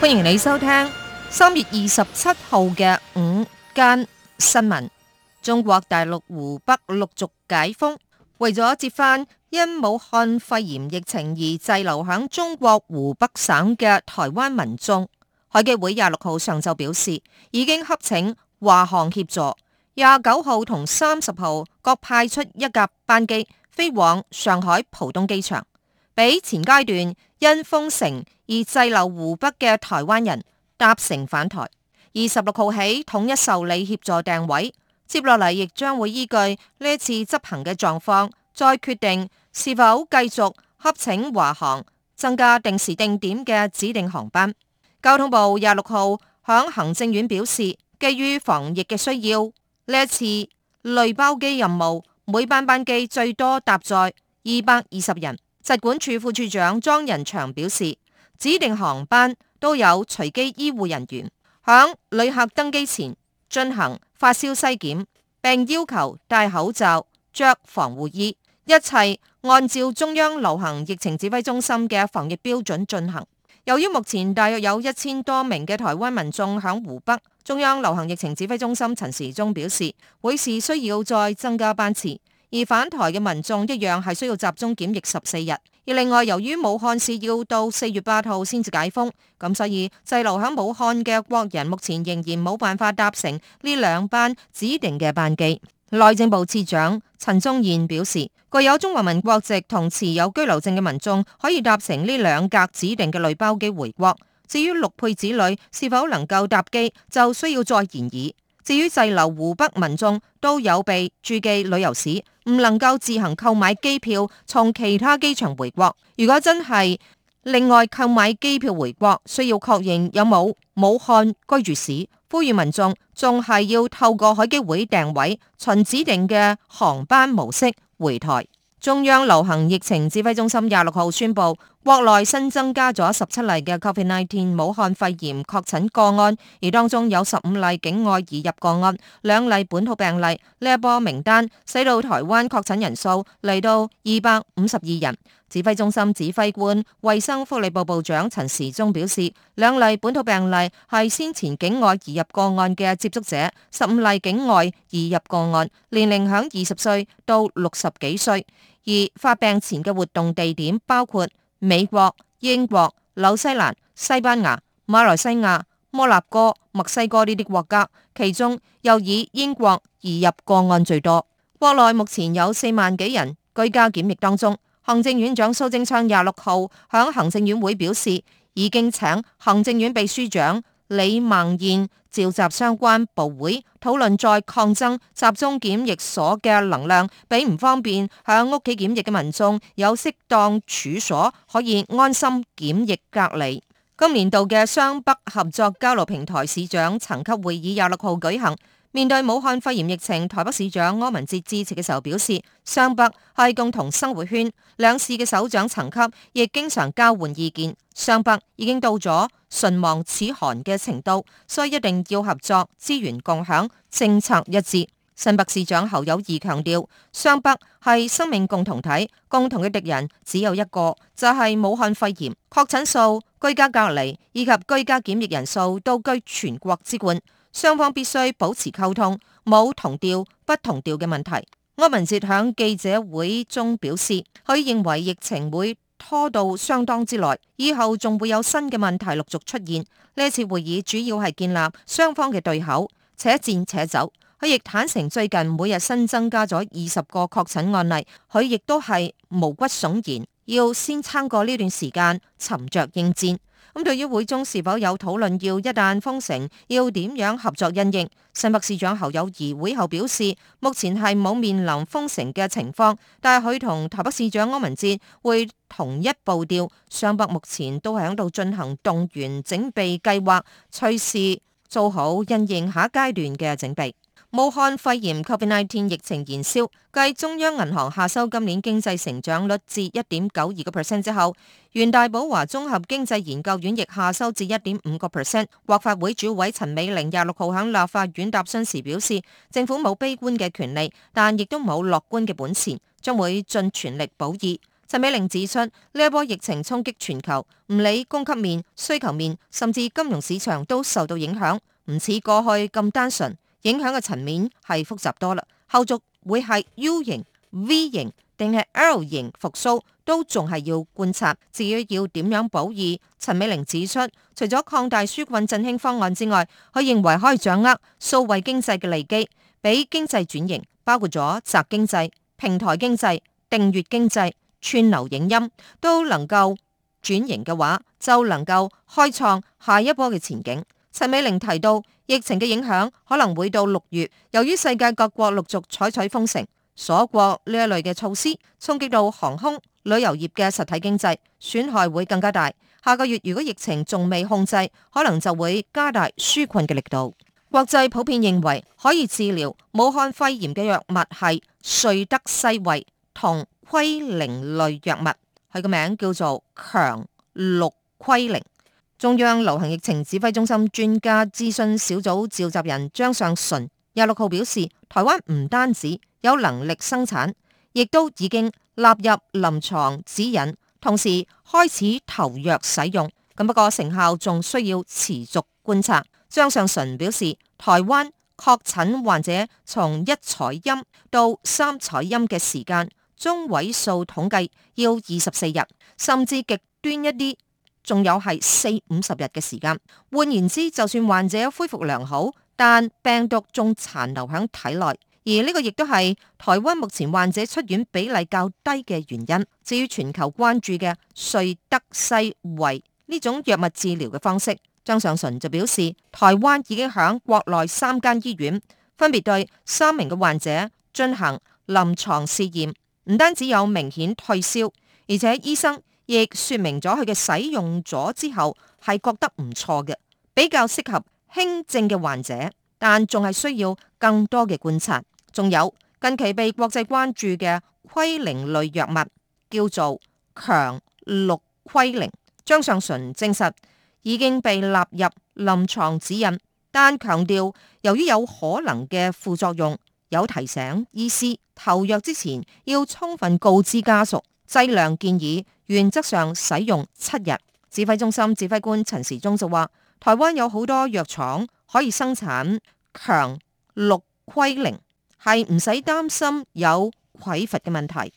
歡迎你收聽三月二十七號嘅午間新聞。中國大陸湖北陸續解封，為咗接返因武漢肺炎疫情而滯留響中國湖北省嘅台灣民眾，海基會廿六號上晝表示，已經洽請華航協助廿九號同三十號各派出一架班機飛往上海浦東機場。喺前階段因封城而滯留湖北嘅台灣人搭乘返台，二十六號起統一受理協助訂位，接落嚟亦將會依據呢次執行嘅狀況，再決定是否繼續洽請華航增加定時定點嘅指定航班。交通部廿六號響行政院表示，基於防疫嘅需要，呢次類包機任務每班班機最多搭載二百二十人。疾管處副處長莊仁祥表示，指定航班都有隨機醫護人員響旅客登機前進行發燒篩檢，並要求戴口罩、着防護衣，一切按照中央流行疫情指揮中心嘅防疫標準進行。由於目前大約有一千多名嘅台灣民眾響湖北，中央流行疫情指揮中心陳時中表示，會視需要再增加班次。而返台嘅民眾一樣係需要集中檢疫十四日。而另外，由於武漢市要到四月八號先至解封，咁所以滯留喺武漢嘅國人目前仍然冇辦法搭乘呢兩班指定嘅班機。內政部次長陳宗彥表示，具有中華民國籍同持有居留證嘅民眾可以搭乘呢兩架指定嘅類包機回國。至於陸配子女是否能夠搭機，就需要再研議。至於滯留湖北民眾都有被註記旅遊史，唔能夠自行購買機票從其他機場回國。如果真係另外購買機票回國，需要確認有冇武漢居住史。呼籲民眾仲係要透過海基會訂位，循指定嘅航班模式回台。中央流行疫情指揮中心廿六號宣布，國內新增加咗十七例嘅 COVID-19 武漢肺炎確診個案，而當中有十五例境外移入個案，兩例本土病例。呢一波名單使到台灣確診人數嚟到二百五十二人。指揮中心指揮官、衞生福利部部長陳時中表示，兩例本土病例係先前境外移入個案嘅接觸者，十五例境外移入個案年齡響二十歲到六十幾歲。而發病前嘅活動地點包括美國、英國、紐西蘭、西班牙、馬來西亞、摩納哥、墨西哥呢啲國家，其中又以英國移入個案最多。國內目前有四萬幾人居家檢疫當中，行政院長蘇貞昌廿六號向行政院會表示，已經請行政院秘書長。李孟燕召集相關部會討論再擴增集中檢疫所嘅能量，俾唔方便向屋企檢疫嘅民眾有適當處所可以安心檢疫隔離。今年度嘅雙北合作交流平台市長層級會議廿六號舉行。面對武漢肺炎疫情，台北市長柯文哲致辭嘅時候表示，雙北係共同生活圈，兩市嘅首長層級亦經常交換意見。雙北已經到咗唇亡齒寒嘅程度，所以一定要合作，資源共享，政策一致。新北市長侯友宜強調，雙北係生命共同體，共同嘅敵人只有一個，就係、是、武漢肺炎。確診數、居家隔離以及居家檢疫人數都居全國之冠。雙方必須保持溝通，冇同調、不同調嘅問題。柯文哲喺記者會中表示，佢認為疫情會拖到相當之耐，以後仲會有新嘅問題陸續出現。呢次會議主要係建立雙方嘅對口，且戰且走。佢亦坦承最近每日新增加咗二十個確診案例，佢亦都係毛骨悚然，要先撐過呢段時間，沉着應戰。咁對於會中是否有討論要一旦封城，要點樣合作因應？新北市長侯友宜會後表示，目前係冇面臨封城嘅情況，但係佢同台北市長柯文哲會同一步調，雙北目前都係喺度進行動員整備計劃，隨時做好因應下一階段嘅整備。武漢肺炎 （COVID-19） 疫情延燒，繼中央銀行下修今年經濟成長率至一點九二個 percent 之後，元大寶華綜合經濟研究院亦下修至一點五個 percent。國發會主委陳美伶廿六號喺立法院答詢時表示，政府冇悲觀嘅權利，但亦都冇樂觀嘅本錢，將會盡全力保二。陳美伶指出，呢一波疫情衝擊全球，唔理供給面、需求面，甚至金融市場都受到影響，唔似過去咁單純。影響嘅層面係複雜多啦，後續會係 U 型、V 型定係 L 型復甦，都仲係要觀察。至於要點樣保二，陳美伶指出，除咗擴大紓困振興方案之外，佢認為可以掌握數位經濟嘅利基，俾經濟轉型，包括咗宅經濟、平台經濟、訂閱經濟、串流影音，都能夠轉型嘅話，就能夠開創下一波嘅前景。陳美伶提到，疫情嘅影響可能會到六月。由於世界各國陸續採取封城、鎖國呢一類嘅措施，衝擊到航空、旅遊業嘅實體經濟，損害會更加大。下個月如果疫情仲未控制，可能就會加大紓困嘅力度。國際普遍認為可以治療武漢肺炎嘅藥物係瑞德西韋同喹寧類藥物，佢個名叫做強氯喹寧。中央流行疫情指揮中心專家諮詢小組召集人張上淳廿六號表示，台灣唔單止有能力生產，亦都已經納入臨牀指引，同時開始投藥使用。咁不過成效仲需要持續觀察。張上淳表示，台灣確診患者從一採陰到三採陰嘅時間中位數統計要二十四日，甚至極端一啲。仲有係四五十日嘅時間，換言之，就算患者恢復良好，但病毒仲殘留響體內，而呢個亦都係台灣目前患者出院比例較低嘅原因。至於全球關注嘅瑞德西韋呢種藥物治療嘅方式，張上淳就表示，台灣已經響國內三間醫院分別對三名嘅患者進行臨床試驗，唔單止有明顯退燒，而且醫生。亦說明咗佢嘅使用咗之後係覺得唔錯嘅，比較適合輕症嘅患者，但仲係需要更多嘅觀察。仲有近期被國際關注嘅奎寧類藥物叫做羥氯奎寧，張上淳證實已經被納入臨牀指引，但強調由於有可能嘅副作用，有提醒醫師投藥之前要充分告知家屬。劑量建議原則上使用七日。指揮中心指揮官陳時中就話，台灣有好多藥廠可以生產羥氯奎寧，係唔使擔心有匱乏嘅問題。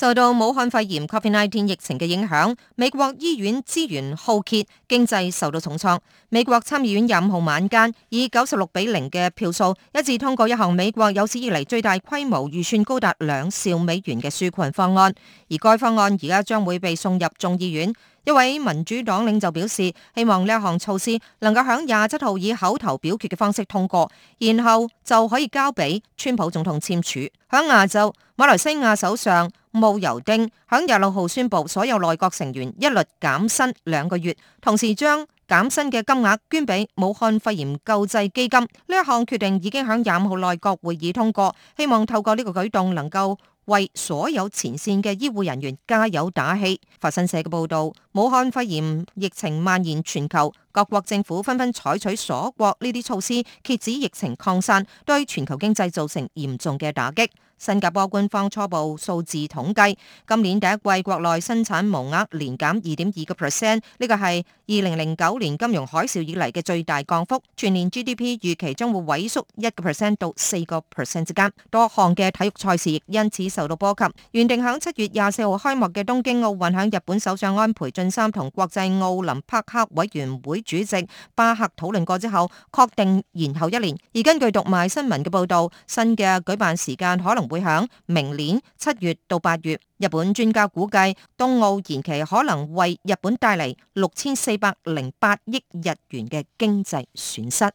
受到武漢肺炎 （Covid-19） 疫情嘅影響，美國醫院資源耗竭，經濟受到重創。美國參議院廿五號晚間以九十六比零嘅票數一致通過一項美國有史以嚟最大規模預算，高達兩兆美元嘅紓困方案，而該方案而家將會被送入眾議院。一位民主黨領袖表示，希望呢一項措施能夠喺廿七號以口頭表決嘅方式通過，然後就可以交俾川普總統簽署。喺亞洲，馬來西亞首相，慕尤丁喺廿六號宣布，所有內閣成員一律減薪兩個月，同時將減薪嘅金額捐俾武漢肺炎救濟基金。呢一項決定已經喺廿五號內閣會議通過，希望透過呢個舉動能夠為所有前線嘅醫護人員加油打氣。法新社嘅報道，武漢肺炎疫情蔓延全球，各國政府紛紛採取鎖國呢啲措施，遏止疫情擴散，對全球經濟造成嚴重嘅打擊。新加坡官方初步數字統計，今年第一季國內生產毛額年減二點二個 percent，呢個係二零零九年金融海嘯以嚟嘅最大降幅。全年 GDP 預期將會萎縮一個 percent 到四個 percent 之間。多項嘅體育賽事亦因此受到波及。原定響七月廿四號開幕嘅東京奧運，響日本首相安倍晉三同國際奧林匹克委員會主席巴赫討論過之後，確定延後一年。而根據讀賣新聞嘅報導，新嘅舉辦時間可能，會響明年七月到八月，日本專家估計東奧延期可能為日本帶嚟六千四百零八億日元嘅經濟損失。